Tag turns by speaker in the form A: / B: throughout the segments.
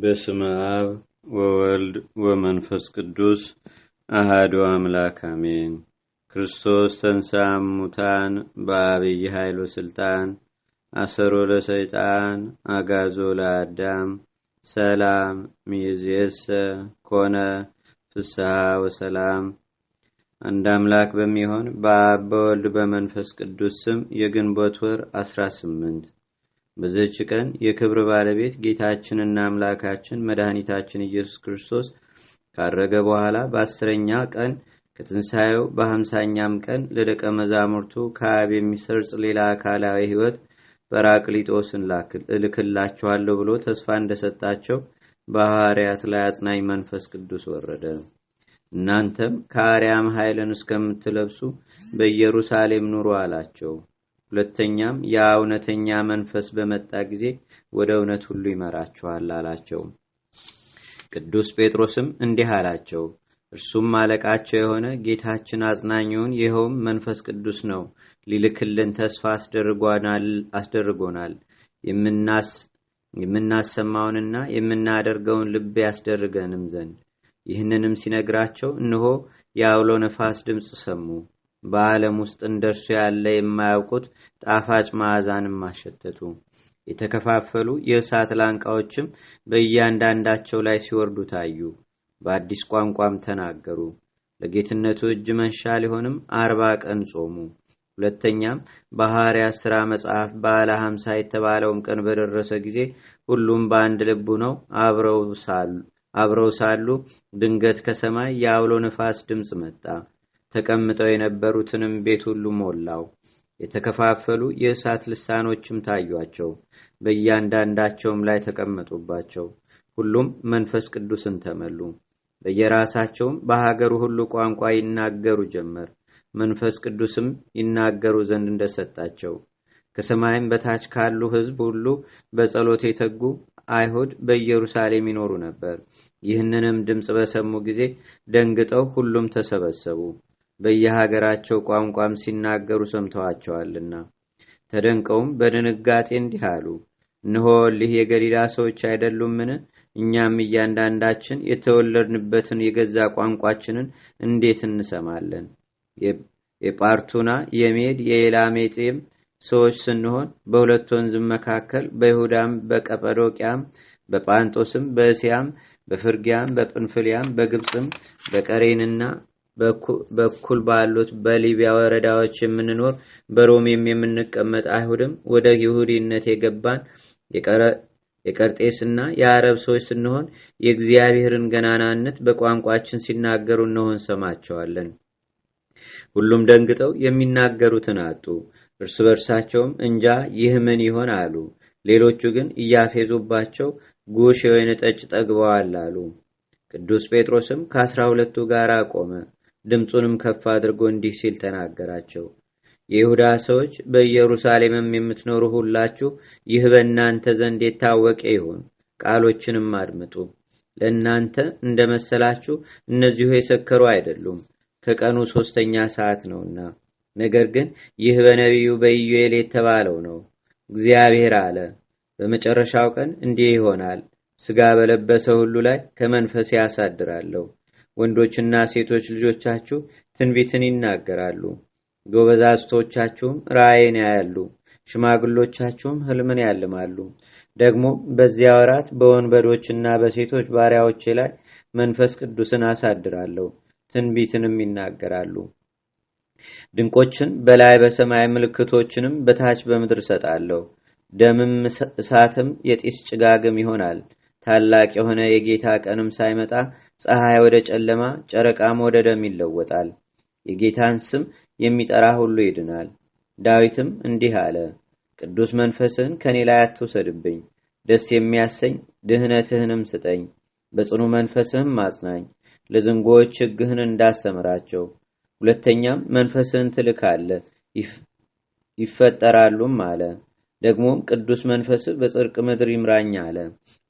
A: በስመ አብ ወወልድ ወመንፈስ ቅዱስ አህዶ አምላክ አሜን። ክርስቶስ ተንሳም ሙታን በአብይ ኃይል ስልጣን አሰሮ ለሰይጣን አጋዞ ለአዳም ሰላም ሚዝየሰ ኮነ ፍስሐ ወሰላም። አንድ አምላክ በሚሆን በአብ በወልድ በመንፈስ ቅዱስ ስም የግንቦት ወር አስራ ስምንት በዘች ቀን የክብር ባለቤት ጌታችንና አምላካችን መድኃኒታችን ኢየሱስ ክርስቶስ ካረገ በኋላ በአስረኛ ቀን ከትንሣኤው በሀምሳኛም ቀን ለደቀ መዛሙርቱ ከአብ የሚሰርጽ ሌላ አካላዊ ሕይወት በራቅሊጦስን እልክላችኋለሁ ብሎ ተስፋ እንደሰጣቸው በሐዋርያት ላይ አጽናኝ መንፈስ ቅዱስ ወረደ። እናንተም ከአርያም ኃይልን እስከምትለብሱ በኢየሩሳሌም ኑሩ አላቸው። ሁለተኛም ያ እውነተኛ መንፈስ በመጣ ጊዜ ወደ እውነት ሁሉ ይመራችኋል አላቸው። ቅዱስ ጴጥሮስም እንዲህ አላቸው። እርሱም ማለቃቸው የሆነ ጌታችን አጽናኙን ይኸውም መንፈስ ቅዱስ ነው ሊልክልን ተስፋ አስደርጎናል። የምናሰማውንና የምናደርገውን ልብ ያስደርገንም ዘንድ ይህንንም ሲነግራቸው እንሆ የአውሎ ነፋስ ድምፅ ሰሙ። በዓለም ውስጥ እንደርሱ ያለ የማያውቁት ጣፋጭ ማዕዛንም አሸተቱ። የተከፋፈሉ የእሳት ላንቃዎችም በእያንዳንዳቸው ላይ ሲወርዱ ታዩ። በአዲስ ቋንቋም ተናገሩ። ለጌትነቱ እጅ መንሻ ሊሆንም አርባ ቀን ጾሙ። ሁለተኛም በሐዋርያት ሥራ መጽሐፍ በዓለ ሀምሳ የተባለውም ቀን በደረሰ ጊዜ ሁሉም በአንድ ልቡ ነው አብረው ሳሉ ድንገት ከሰማይ የአውሎ ነፋስ ድምፅ መጣ። ተቀምጠው የነበሩትንም ቤት ሁሉ ሞላው። የተከፋፈሉ የእሳት ልሳኖችም ታዩአቸው፣ በእያንዳንዳቸውም ላይ ተቀመጡባቸው። ሁሉም መንፈስ ቅዱስን ተመሉ፣ በየራሳቸውም በሀገሩ ሁሉ ቋንቋ ይናገሩ ጀመር። መንፈስ ቅዱስም ይናገሩ ዘንድ እንደሰጣቸው ከሰማይም በታች ካሉ ሕዝብ ሁሉ በጸሎት የተጉ አይሁድ በኢየሩሳሌም ይኖሩ ነበር። ይህንንም ድምፅ በሰሙ ጊዜ ደንግጠው ሁሉም ተሰበሰቡ። በየሀገራቸው ቋንቋም ሲናገሩ ሰምተዋቸዋልና። ተደንቀውም በድንጋጤ እንዲህ አሉ፣ እንሆ ልህ የገሊላ ሰዎች አይደሉምን? እኛም እያንዳንዳችን የተወለድንበትን የገዛ ቋንቋችንን እንዴት እንሰማለን? የጳርቱና የሜድ የኤላሜጤም ሰዎች ስንሆን በሁለት ወንዝ መካከል በይሁዳም በቀጳዶቅያም በጳንጦስም በእስያም በፍርጊያም በጵንፍልያም በግብፅም በቀሬንና በኩል ባሉት በሊቢያ ወረዳዎች የምንኖር በሮሜም የምንቀመጥ አይሁድም ወደ ይሁዲነት የገባን የቀርጤስና የአረብ ሰዎች ስንሆን የእግዚአብሔርን ገናናነት በቋንቋችን ሲናገሩ እነሆን ሰማቸዋለን። ሁሉም ደንግጠው የሚናገሩትን አጡ። እርስ በርሳቸውም እንጃ ይህ ምን ይሆን አሉ። ሌሎቹ ግን እያፌዙባቸው ጉሽ የወይን ጠጭ ጠግበዋል አሉ። ቅዱስ ጴጥሮስም ከአስራ ሁለቱ ጋር ቆመ። ድምፁንም ከፍ አድርጎ እንዲህ ሲል ተናገራቸው። የይሁዳ ሰዎች በኢየሩሳሌምም የምትኖሩ ሁላችሁ ይህ በእናንተ ዘንድ የታወቀ ይሁን፣ ቃሎችንም አድምጡ። ለእናንተ እንደ መሰላችሁ እነዚሁ የሰከሩ አይደሉም፣ ከቀኑ ሦስተኛ ሰዓት ነውና። ነገር ግን ይህ በነቢዩ በኢዩኤል የተባለው ነው። እግዚአብሔር አለ፣ በመጨረሻው ቀን እንዲህ ይሆናል፣ ስጋ በለበሰ ሁሉ ላይ ከመንፈሴ ያሳድራለሁ ወንዶችና ሴቶች ልጆቻችሁ ትንቢትን ይናገራሉ፣ ጎበዛዝቶቻችሁም ራእይን ያያሉ፣ ሽማግሎቻችሁም ህልምን ያልማሉ። ደግሞ በዚያ ወራት በወንበዶችና በሴቶች ባሪያዎቼ ላይ መንፈስ ቅዱስን አሳድራለሁ፣ ትንቢትንም ይናገራሉ። ድንቆችን በላይ በሰማይ ምልክቶችንም በታች በምድር እሰጣለሁ። ደምም እሳትም የጢስ ጭጋግም ይሆናል። ታላቅ የሆነ የጌታ ቀንም ሳይመጣ ፀሐይ ወደ ጨለማ፣ ጨረቃም ወደ ደም ይለወጣል። የጌታን ስም የሚጠራ ሁሉ ይድናል። ዳዊትም እንዲህ አለ፣ ቅዱስ መንፈስህን ከእኔ ላይ አትውሰድብኝ፣ ደስ የሚያሰኝ ድህነትህንም ስጠኝ። በጽኑ መንፈስህም አጽናኝ፣ ለዝንጎዎች ሕግህን እንዳሰምራቸው። ሁለተኛም መንፈስህን ትልካለ ይፈጠራሉም አለ። ደግሞም ቅዱስ መንፈስ በጽርቅ ምድር ይምራኝ አለ።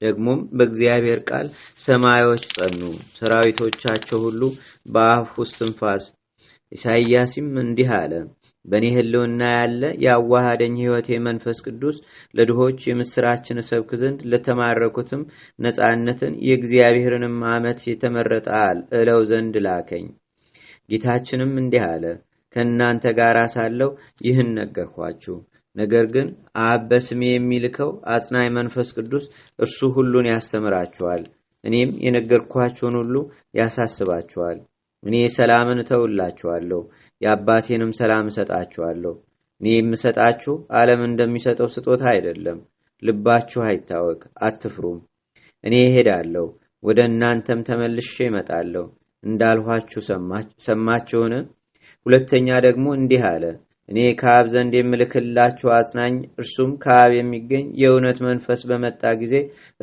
A: ደግሞም በእግዚአብሔር ቃል ሰማዮች ጸኑ፣ ሰራዊቶቻቸው ሁሉ በአፉ እስትንፋስ። ኢሳይያስም እንዲህ አለ በእኔ ህልውና ያለ የአዋሃደኝ ህይወቴ መንፈስ ቅዱስ ለድሆች የምስራችን እሰብክ ዘንድ ለተማረኩትም ነፃነትን የእግዚአብሔርንም ዓመት የተመረጠ እለው ዘንድ ላከኝ። ጌታችንም እንዲህ አለ ከእናንተ ጋር ሳለው ይህን ነገርኳችሁ። ነገር ግን አብ በስሜ የሚልከው አጽናይ መንፈስ ቅዱስ እርሱ ሁሉን ያስተምራችኋል፣ እኔም የነገርኳችሁን ሁሉ ያሳስባችኋል። እኔ ሰላምን እተውላችኋለሁ፣ የአባቴንም ሰላም እሰጣችኋለሁ። እኔ የምሰጣችሁ ዓለም እንደሚሰጠው ስጦታ አይደለም። ልባችሁ አይታወቅ አትፍሩም። እኔ እሄዳለሁ፣ ወደ እናንተም ተመልሼ እመጣለሁ እንዳልኋችሁ ሰማችሁን? ሁለተኛ ደግሞ እንዲህ አለ እኔ ከአብ ዘንድ የምልክላችሁ አጽናኝ እርሱም ከአብ የሚገኝ የእውነት መንፈስ በመጣ ጊዜ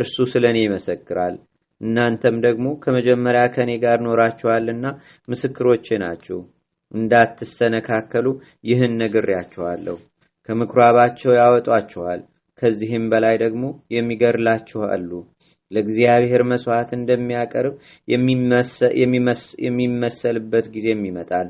A: እርሱ ስለ እኔ ይመሰክራል። እናንተም ደግሞ ከመጀመሪያ ከእኔ ጋር ኖራችኋልና ምስክሮቼ ናችሁ። እንዳትሰነካከሉ ይህን ነግሬያችኋለሁ። ከምኩራባቸው ያወጧችኋል። ከዚህም በላይ ደግሞ የሚገርላችሁ አሉ። ለእግዚአብሔር መስዋዕት እንደሚያቀርብ የሚመሰልበት ጊዜም ይመጣል።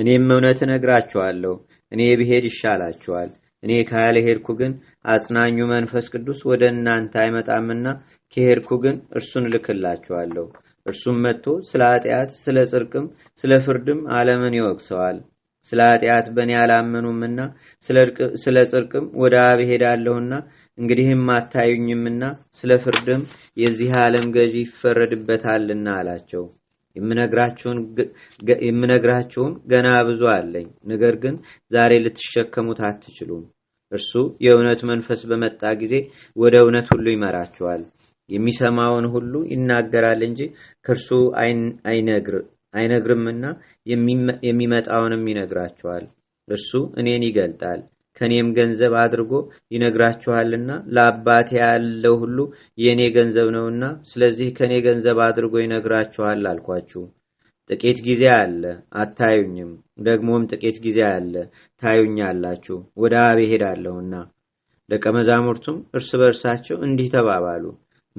A: እኔም እውነት እነግራችኋለሁ፣ እኔ ብሄድ ይሻላችኋል። እኔ ካልሄድኩ ግን አጽናኙ መንፈስ ቅዱስ ወደ እናንተ አይመጣምና ከሄድኩ ግን እርሱን ልክላችኋለሁ እርሱም መጥቶ ስለ ኃጢአት፣ ስለ ጽርቅም ስለ ፍርድም አለምን ይወቅሰዋል። ስለ ኃጢአት በእኔ አላመኑምና ስለ ጽርቅም ወደ አብ ሄዳለሁና እንግዲህም አታዩኝምና ስለ ፍርድም የዚህ ዓለም ገዢ ይፈረድበታልና አላቸው። የምነግራችሁም ገና ብዙ አለኝ ነገር ግን ዛሬ ልትሸከሙት አትችሉም እርሱ የእውነት መንፈስ በመጣ ጊዜ ወደ እውነት ሁሉ ይመራችኋል የሚሰማውን ሁሉ ይናገራል እንጂ ከእርሱ አይነግርምና የሚመጣውንም ይነግራችኋል እርሱ እኔን ይገልጣል ከኔም ገንዘብ አድርጎ ይነግራችኋልና ለአባቴ ያለው ሁሉ የእኔ ገንዘብ ነውና ስለዚህ ከኔ ገንዘብ አድርጎ ይነግራችኋል አልኳችሁ ጥቂት ጊዜ አለ አታዩኝም ደግሞም ጥቂት ጊዜ አለ አላችሁ ወደ አብ ሄዳለሁና ደቀ መዛሙርቱም እርስ በርሳቸው እንዲህ ተባባሉ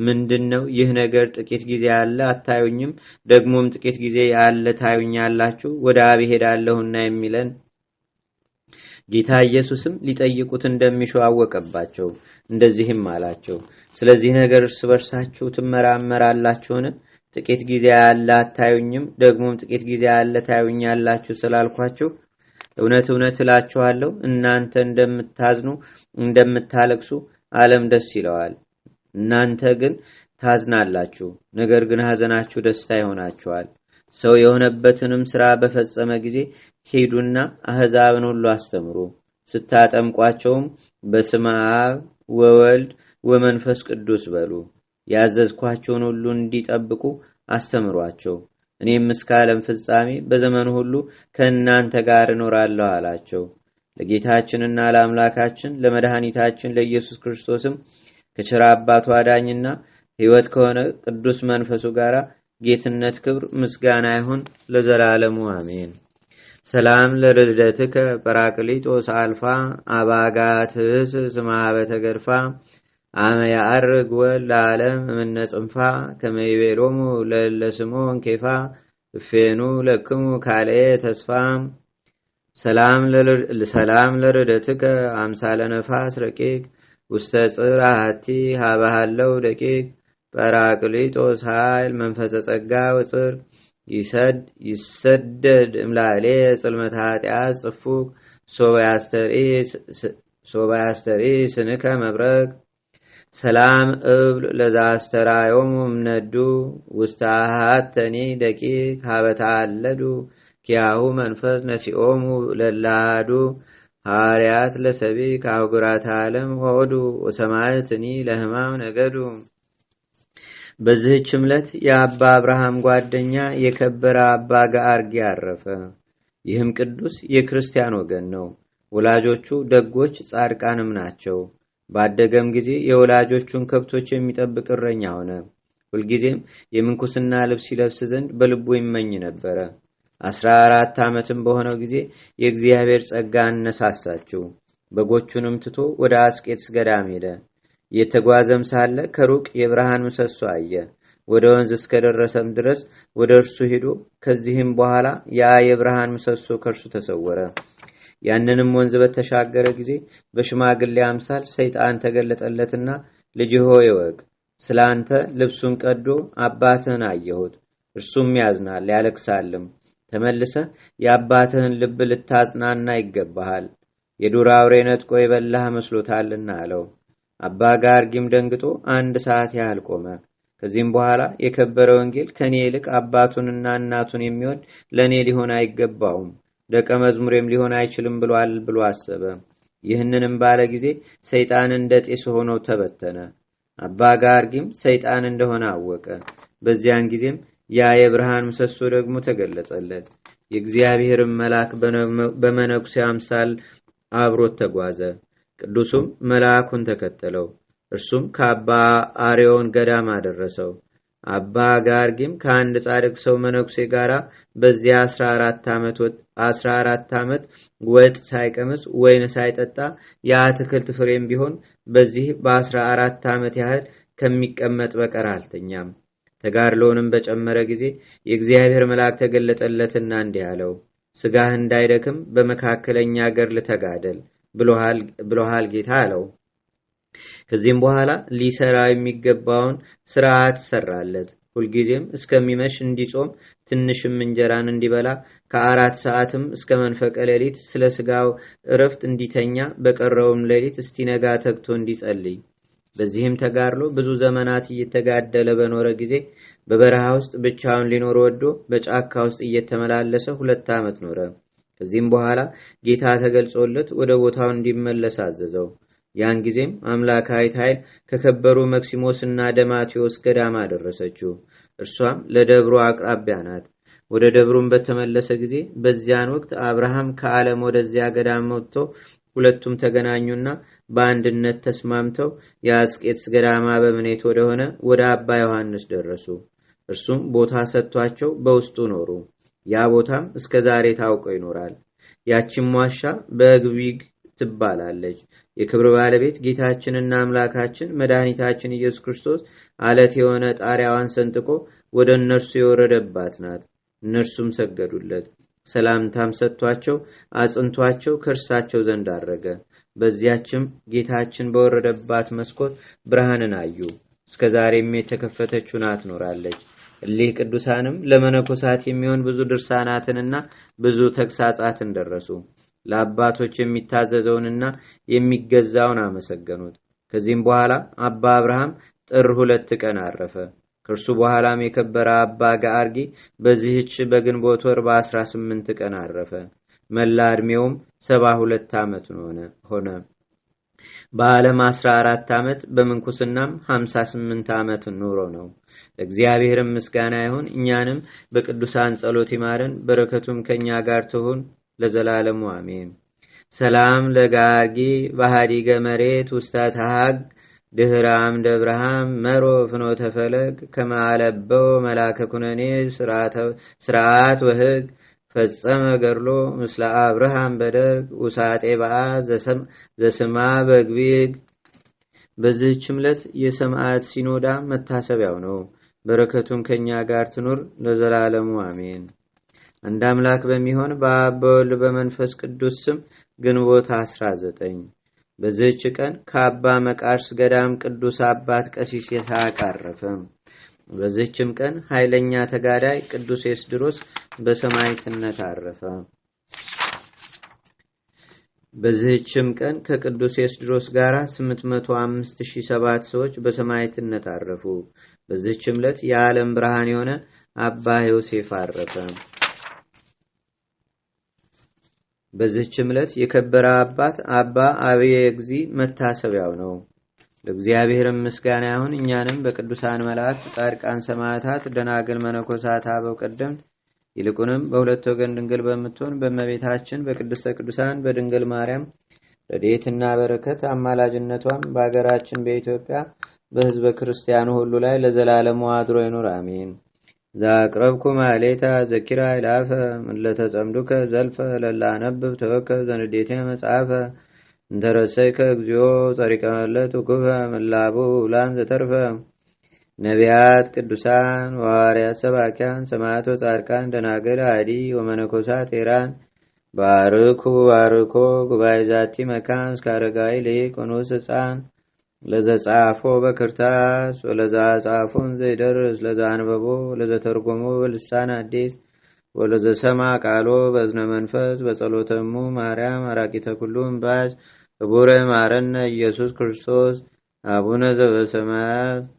A: ምንድን ነው ይህ ነገር ጥቂት ጊዜ አለ አታዩኝም ደግሞም ጥቂት ጊዜ አለ አላችሁ ወደ አብ ሄዳለሁና የሚለን ጌታ ኢየሱስም ሊጠይቁት እንደሚሹ አወቀባቸው። እንደዚህም አላቸው፣ ስለዚህ ነገር እርስ በርሳችሁ ትመራመራላችሁን? ጥቂት ጊዜ ያለ አታዩኝም፣ ደግሞም ጥቂት ጊዜ ያለ ያላችሁ ስላልኳችሁ እውነት እውነት እላችኋለሁ እናንተ እንደምታዝኑ እንደምታለቅሱ አለም ደስ ይለዋል። እናንተ ግን ታዝናላችሁ፣ ነገር ግን ሐዘናችሁ ደስታ ይሆናችኋል። ሰው የሆነበትንም ስራ በፈጸመ ጊዜ ሂዱና አሕዛብን ሁሉ አስተምሩ፣ ስታጠምቋቸውም በስመ አብ ወወልድ ወመንፈስ ቅዱስ በሉ፣ ያዘዝኳቸውን ሁሉ እንዲጠብቁ አስተምሯቸው። እኔም እስከ ዓለም ፍጻሜ በዘመኑ ሁሉ ከእናንተ ጋር እኖራለሁ አላቸው። ለጌታችንና ለአምላካችን ለመድኃኒታችን ለኢየሱስ ክርስቶስም ከቸራ አባቱ አዳኝና ሕይወት ከሆነ ቅዱስ መንፈሱ ጋር ጌትነት፣ ክብር፣ ምስጋና ይሁን ለዘላለሙ አሜን። ሰላም ለልደትከ በራቅሊጦስ አልፋ አባጋትስ ስማበተ ገድፋ አመ ወል ለዓለም እምነ ጽንፋ ከመይቤሎሙ ለለስሞ እንኬፋ እፌኑ ለክሙ ካልየ ተስፋ ሰላም ለርደትከ አምሳለ ነፋስ ረቂቅ ውስተ ጽር አሐቲ ሃበሃለው ደቂቅ በራቅሊጦስ ሃይል መንፈሰ ጸጋ ውፅር ይሰደድ እምላሌ ጽልመት ኃጢአት ጽፉግ ሶባ ያስተርኢ ስንከ መብረቅ ሰላም እብል ለዛስተራዮም እምነዱ ውስተ ሃተኒ ደቂቅ ሀበታ አለዱ ኪያሁ መንፈስ ነሲኦሙ ለላሃዱ ሐዋርያት ለሰቢ ከአህጉራት ዓለም ወወዱ ወሰማዕትኒ ለህማም ነገዱ በዚህችም ዕለት የአባ አብርሃም ጓደኛ የከበረ አባ ገአርጌ አረፈ። ይህም ቅዱስ የክርስቲያን ወገን ነው። ወላጆቹ ደጎች ጻድቃንም ናቸው። ባደገም ጊዜ የወላጆቹን ከብቶች የሚጠብቅ እረኛ ሆነ። ሁልጊዜም የምንኩስና ልብስ ይለብስ ዘንድ በልቡ ይመኝ ነበረ። አስራ አራት ዓመትም በሆነው ጊዜ የእግዚአብሔር ጸጋ አነሳሳችው። በጎቹንም ትቶ ወደ አስቄትስ ገዳም ሄደ። እየተጓዘም ሳለ ከሩቅ የብርሃን ምሰሶ አየ። ወደ ወንዝ እስከደረሰም ድረስ ወደ እርሱ ሄዶ ከዚህም በኋላ ያ የብርሃን ምሰሶ ከእርሱ ተሰወረ። ያንንም ወንዝ በተሻገረ ጊዜ በሽማግሌ አምሳል ሰይጣን ተገለጠለትና ልጅ ሆይ እወቅ፣ ስለ አንተ ልብሱን ቀዶ አባትህን አየሁት። እርሱም ያዝናል ያለቅሳልም። ተመልሰህ የአባትህን ልብ ልታጽናና ይገባሃል። የዱር አውሬ ነጥቆ የበላህ መስሎታልና አለው። አባ ጋርጊም ደንግጦ አንድ ሰዓት ያህል ቆመ። ከዚህም በኋላ የከበረ ወንጌል ከእኔ ይልቅ አባቱንና እናቱን የሚወድ ለእኔ ሊሆን አይገባውም፣ ደቀ መዝሙሬም ሊሆን አይችልም ብሏል ብሎ አሰበ። ይህንንም ባለ ጊዜ ሰይጣን እንደ ጤስ ሆኖ ተበተነ። አባ ጋርጊም ሰይጣን እንደሆነ አወቀ። በዚያን ጊዜም ያ የብርሃን ምሰሶ ደግሞ ተገለጸለት። የእግዚአብሔርን መልአክ በመነኩሴ አምሳል አብሮት ተጓዘ። ቅዱሱም መልአኩን ተከተለው። እርሱም ከአባ አሬዮን ገዳም አደረሰው። አባ ጋርጊም ከአንድ ጻድቅ ሰው መነኩሴ ጋር በዚያ አስራ አራት ዓመት ወጥ ሳይቀምስ ወይን ሳይጠጣ የአትክልት ፍሬም ቢሆን በዚህ በአስራ አራት ዓመት ያህል ከሚቀመጥ በቀር አልተኛም። ተጋድሎውንም በጨመረ ጊዜ የእግዚአብሔር መልአክ ተገለጠለትና እንዲህ አለው፣ ስጋህ እንዳይደክም በመካከለኛ ገር ተጋደል። ብሎሃል ጌታ አለው። ከዚህም በኋላ ሊሰራ የሚገባውን ስርዓት ሰራለት። ሁልጊዜም እስከሚመሽ እንዲጾም ትንሽም እንጀራን እንዲበላ ከአራት ሰዓትም እስከ መንፈቀ ሌሊት ስለ ስጋው እረፍት እንዲተኛ በቀረውም ሌሊት እስቲነጋ ተግቶ እንዲጸልይ በዚህም ተጋድሎ ብዙ ዘመናት እየተጋደለ በኖረ ጊዜ በበረሃ ውስጥ ብቻውን ሊኖር ወዶ በጫካ ውስጥ እየተመላለሰ ሁለት ዓመት ኖረ። ከዚህም በኋላ ጌታ ተገልጾለት ወደ ቦታው እንዲመለስ አዘዘው። ያን ጊዜም አምላካዊት ኃይል ከከበሩ መክሲሞስ እና ደማቴዎስ ገዳማ አደረሰችው። እርሷም ለደብሮ አቅራቢያ ናት። ወደ ደብሩን በተመለሰ ጊዜ በዚያን ወቅት አብርሃም ከዓለም ወደዚያ ገዳም መጥቶ ሁለቱም ተገናኙና በአንድነት ተስማምተው የአስቄትስ ገዳማ በምኔት ወደሆነ ወደ አባ ዮሐንስ ደረሱ። እርሱም ቦታ ሰጥቷቸው በውስጡ ኖሩ። ያ ቦታም እስከ ዛሬ ታውቆ ይኖራል። ያችን ዋሻ በግቢግ ትባላለች። የክብር ባለቤት ጌታችንና አምላካችን መድኃኒታችን ኢየሱስ ክርስቶስ አለት የሆነ ጣሪያዋን ሰንጥቆ ወደ እነርሱ የወረደባት ናት። እነርሱም ሰገዱለት። ሰላምታም ሰጥቷቸው አጽንቷቸው ከእርሳቸው ዘንድ አረገ። በዚያችም ጌታችን በወረደባት መስኮት ብርሃንን አዩ። እስከ ዛሬም የተከፈተችው ናት ኖራለች። እሊህ ቅዱሳንም ለመነኮሳት የሚሆን ብዙ ድርሳናትንና ብዙ ተግሳጻትን ደረሱ። ለአባቶች የሚታዘዘውንና የሚገዛውን አመሰገኑት። ከዚህም በኋላ አባ አብርሃም ጥር ሁለት ቀን አረፈ። ከእርሱ በኋላም የከበረ አባ ጋአርጊ በዚህች በግንቦት ወር በ18 ቀን አረፈ። መላ ዕድሜውም 72 ዓመት ሆነ። በዓለም 14 ዓመት በምንኩስናም 58 ዓመት ኑሮ ነው። ለእግዚአብሔርም ምስጋና ይሁን። እኛንም በቅዱሳን ጸሎት ይማረን፣ በረከቱም ከእኛ ጋር ትሁን ለዘላለሙ አሜን። ሰላም ለጋርጊ ባህዲ ገመሬት ውስታተ ሀግ ድህረ አምደ ብርሃም መሮ ፍኖ ተፈለግ ከማለበው መላከ ኩነኔ ስርዓት ወህግ ፈጸመ ገድሎ ምስለ አብርሃም በደርግ ውሳጤ በአ ዘስማ በግቢግ። በዚህች ዕለት የሰማዕት ሲኖዳ መታሰቢያው ነው። በረከቱም ከእኛ ጋር ትኑር ለዘላለሙ አሜን። አንድ አምላክ በሚሆን በአብ በወልድ በመንፈስ ቅዱስ ስም ግንቦት 19 በዚህች ቀን ከአባ መቃርስ ገዳም ቅዱስ አባት ቀሲስ ይስሐቅ አረፈ። በዚህችም ቀን ኃይለኛ ተጋዳይ ቅዱስ ኤስድሮስ በሰማይትነት አረፈ። በዚህችም ቀን ከቅዱስ ኤስድሮስ ጋር 857 ሰዎች በሰማይትነት አረፉ። በዚህችም ዕለት የዓለም ብርሃን የሆነ አባ ዮሴፍ አረፈ። በዚህችም ዕለት የከበረ አባት አባ አብየ እግዚ መታሰቢያው ነው። ለእግዚአብሔር ምስጋና ይሁን። እኛንም በቅዱሳን መላእክት፣ ጻድቃን፣ ሰማዕታት፣ ደናግል፣ መነኮሳት፣ አበው ቀደምት ይልቁንም በሁለት ወገን ድንግል በምትሆን በመቤታችን በቅድስተ ቅዱሳን በድንግል ማርያም ረድኤትና በረከት አማላጅነቷም በአገራችን በኢትዮጵያ በህዝበ ክርስቲያኑ ሁሉ ላይ ለዘላለሙ አድሮ ይኑር፣ አሜን። ዛቅረብኩ ማሌታ ዘኪራ ይላፈ ምለተጸምዱከ ዘልፈ ለላነብብ ተወከ ዘንዴቴ መጽሐፈ እንተረሰይከ እግዚኦ ጸሪቀመለት ውኩፈ ምላቡ ላን ዘተርፈ ነቢያት፣ ቅዱሳን፣ ሐዋርያት፣ ሰባኪያን፣ ሰማዕቶ፣ ጻድቃን፣ ደናገል አዲ ወመነኮሳት ኤራን ባርኩ ባርኮ ጉባኤ ዛቲ መካን እስከ አረጋዊ ልቅ ኑስ ህፃን ለዘጻፎ በክርታስ ወለዛ ጻፎን ዘይደርስ ለዛ አንበቦ ለዘተርጎሞ በልሳን አዲስ ወለዘሰማ ቃሎ በዝነ መንፈስ በጸሎተሙ ማርያም አራቂተ ኩሉም ባጅ እቡረ ማረነ ኢየሱስ ክርስቶስ አቡነ ዘበሰማያት